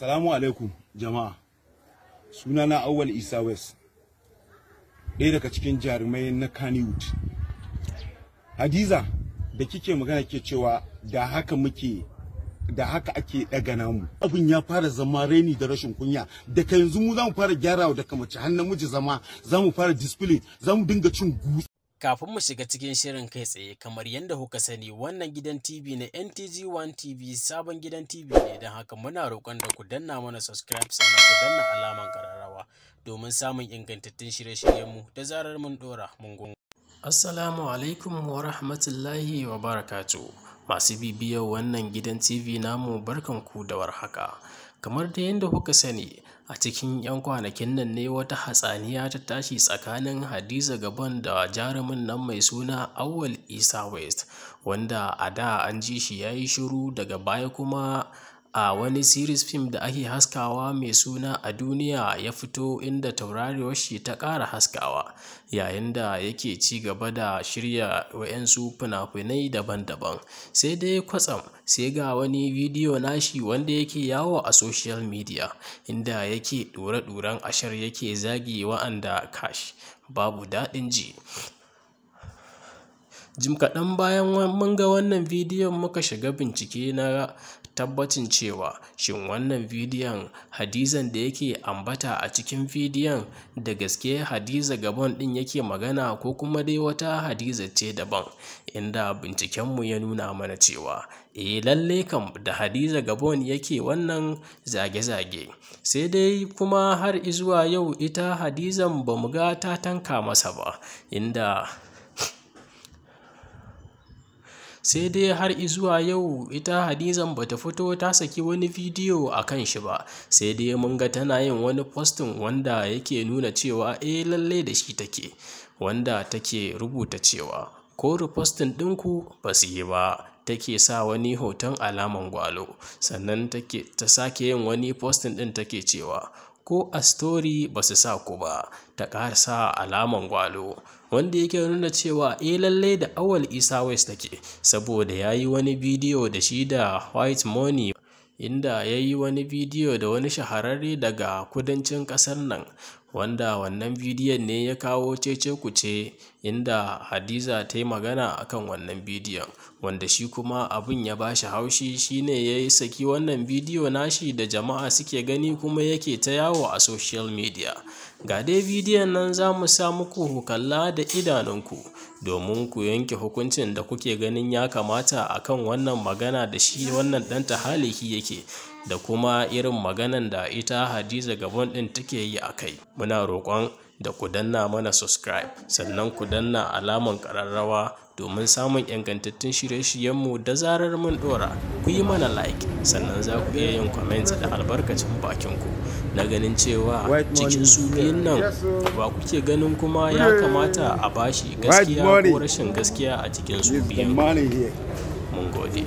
Salamu alaikum jama'a. Sunana auwal Isa West. Ɗaya daga cikin jarumai na Kannywood. Hadiza da kike magana ke cewa da haka muke da haka ake daga namu. Abin ya fara zama raini da rashin kunya. Daga yanzu mu za mu fara gyarawa daga mace har namiji zama za mu fara discipline za mu dinga cin gutsi. Kafin mu shiga cikin shirin kai tsaye kamar yadda kuka sani wannan gidan TV na NTG1 TV sabon gidan TV ne don haka muna roƙon da ku danna mana subscribe sannan ku danna alaman kararrawa domin samun ingantattun shirye-shiryenmu da zarar mun ɗora mun gungu. Assalamu alaikum wa rahmatullahi wa barakatuh. Masu bibiyar wannan gidan TV namu barkanku da warhaka. Kamar da yadda kuka sani, a cikin 'yan kwanakin nan ne wata hatsaniya ta tashi tsakanin Hadiza gaban da jarumin nan mai suna Auwal Isa West, wanda a da an ji shi ya yi shiru daga baya kuma a wani series fim da ake haskawa mai suna a duniya ya fito inda taurariwar shi ta ƙara haskawa yayin da yake ci gaba da shirya wa'yansu fina-finai daban-daban sai dai kwatsam sai ga wani bidiyo nashi wanda yake yawo a social media inda yake ɗure-ɗuren ashar yake zagi wa'anda kash babu daɗin ji jim kaɗan bayan mun ga wannan bidiyon muka shiga bincike na tabbacin cewa shin wannan bidiyon Hadizan da yake ambata a cikin bidiyon da gaske Hadiza Gabon din yake magana ko kuma dai wata Hadiza ce daban inda bincikenmu ya nuna mana cewa e lalle kam da Hadiza Gabon yake wannan zage-zage sai dai kuma har izuwa yau ita Hadizan ba mu ga ta tanka masa ba inda sai dai har izuwa yau ita hadizan bata fito ta saki wani bidiyo a kan shi ba sai dai mun ga tana yin wani postin wanda yake nuna cewa eh lalle da shi take wanda take rubuta cewa ko repostin ɗinku ba su yi ba take sa wani hoton alaman gwalo sannan ta sake yin wani postin ɗin take cewa ko a story ba su sa ku ba ta ƙarsa alaman gwalo wanda yake nuna cewa eh lallai da awal isa west take saboda ya yi wani bidiyo da shi da white money inda ya yi wani bidiyo da wani shahararre daga kudancin ƙasar nan wanda wannan bidiyon ne ya kawo cece ce inda Hadiza ta yi magana akan wannan bidiyon wanda shi kuma abin ya ba shi haushi shine ya yi saki wannan bidiyo nashi da jama'a suke gani kuma yake ta yawo a social media ga dai bidiyon nan za mu sa muku kalla da idanunku domin ku yanke hukuncin da kuke ganin ya kamata akan wannan magana da shi wannan ɗan tahalihi yake da kuma irin maganan da ita hadiza gabon ɗin take yi a kai muna roƙon da ku danna mana subscribe sannan ku danna alaman ƙararrawa domin samun ingantattun shirye-shiryenmu da zarar mun ɗora ku yi mana like sannan za ku iya yin comments da albarkacin bakin ku na ganin cewa cikin su biyun nan ba kuke ganin kuma ya kamata a bashi gaskiya ko rashin gaskiya a cikin su biyun mun gode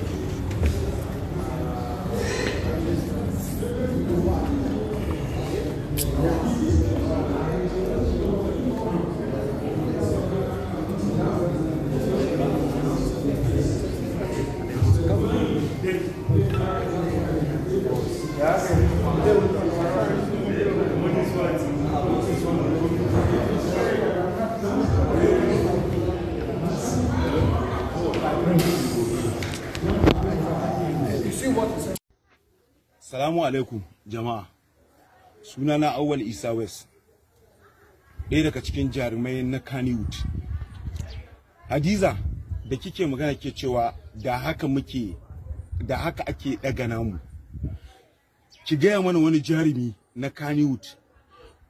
Salamu alaikum jama'a. suna na awal isa west ɗaya daga cikin jarumai na kaniwood hadiza da kike magana ke cewa da haka muke da haka ake daga namu ki gaya mana wani jarumi na kaniwood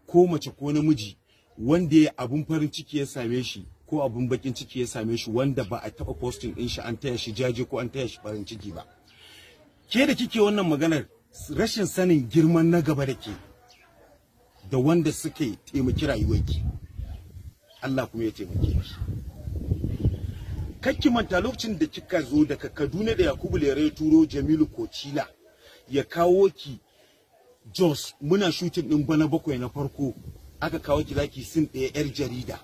ko mace ko namiji wanda ya abun farin ciki ya same shi ko abun bakin ciki ya same shi wanda ba a taɓa postin din shi an taya shi jaje ko an taya shi farin ciki ba ke da kike wannan maganar rashin sanin girman na gaba da ke da wanda suke taimaki rayuwarki Allah kuma ya taimake ki kakki manta lokacin da kika zo daga Kaduna da Yakubu Lere turo Jamilu Kocila ya kawo ki Jos muna shooting din bana bakwai na farko aka kawo ki zaki sin ɗaya yar jarida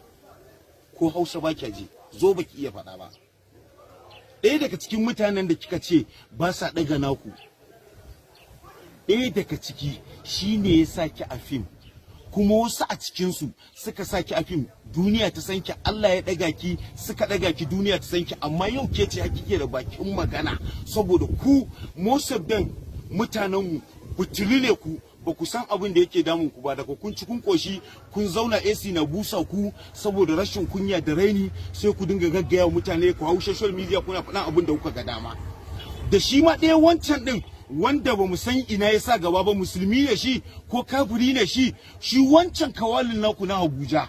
ko Hausa ba ki je zo baki iya faɗa ba ɗaya daga cikin mutanen da kika ce ba sa ɗaga naku ɗaya daga ciki shine ya sa ki a fim kuma wasu a cikinsu suka saki a fim duniya ta san Allah ya daga ki suka daga ki duniya ta san amma yau ke ce kike da bakin magana saboda ku most of them mutanenmu butuli ne ku ba ku san abin da yake damun ku ba daga kun ci kun koshi kun zauna AC na busa ku saboda rashin kunya da raini sai ku dinga gaggaya mutane ku hau social media kuna faɗan abin da kuka ga dama da shi ma ɗaya wancan ɗin wanda ba san ina ya sa gaba ba musulmi ne shi ko kafiri ne shi shi wancan kawalin naku na Abuja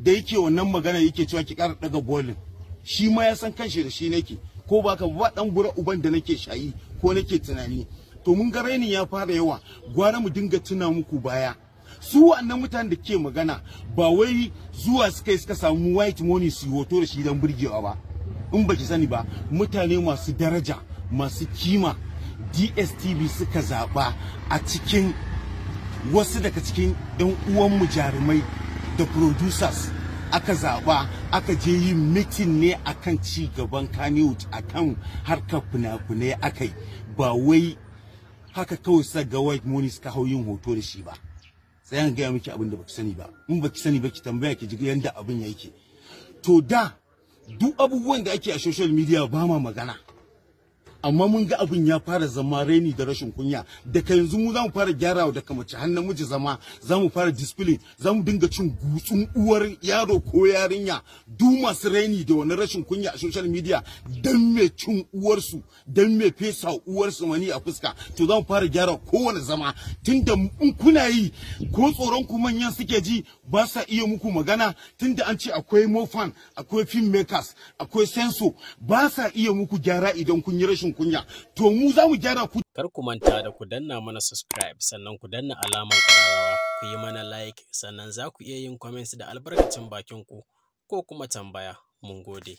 da yake wannan magana yake cewa ki kara daga bolin shi ma ya san kanshi da shi nake ko ba ka ba dan gura uban da nake shayi ko nake tunani to mun ga rainin ya fara yawa gwara mu dinga tuna muku baya su wannan mutanen da ke magana ba wai zuwa suka suka samu white money su hoto da shi dan burgewa ba in baki sani ba mutane masu daraja masu kima dstv suka zaba a cikin wasu daga cikin 'yan uwanmu jarumai da producers aka zaba aka je yin mitin ne akan ci gaban kaniwood akan harkar fina-finai akai ba wai haka kawai sa ga white money suka hau yin hoto da shi ba sai an gaya miki abin da baki sani ba in baki sani ba ki tambaya ki ji yanda abin yake to da duk abubuwan da ake a social media ba ma magana amma mun ga abin ya fara zama raini da rashin kunya daga yanzu mu zamu fara gyarawa daga mace har namiji zama zamu fara discipline zamu dinga cin gutsun uwar yaro ko yarinya duk masu raini da wani rashin kunya a social media dan me cin uwarsu dan me fesa uwarsu mani a fuska to zamu fara gyara kowane zama tunda in kuna yi ko tsoron ku manyan suke ji ba sa iya muku magana tunda an ce akwai mofan akwai filmmakers akwai senso ba sa iya muku gyara idan kun yi rashin kunya to mu za mu gyara ku kar ku manta da ku danna mana subscribe sannan ku danna alamar ƙararrawa ku yi mana like sannan za ku iya yin comments da albarkacin bakin ku ko kuma tambaya mun gode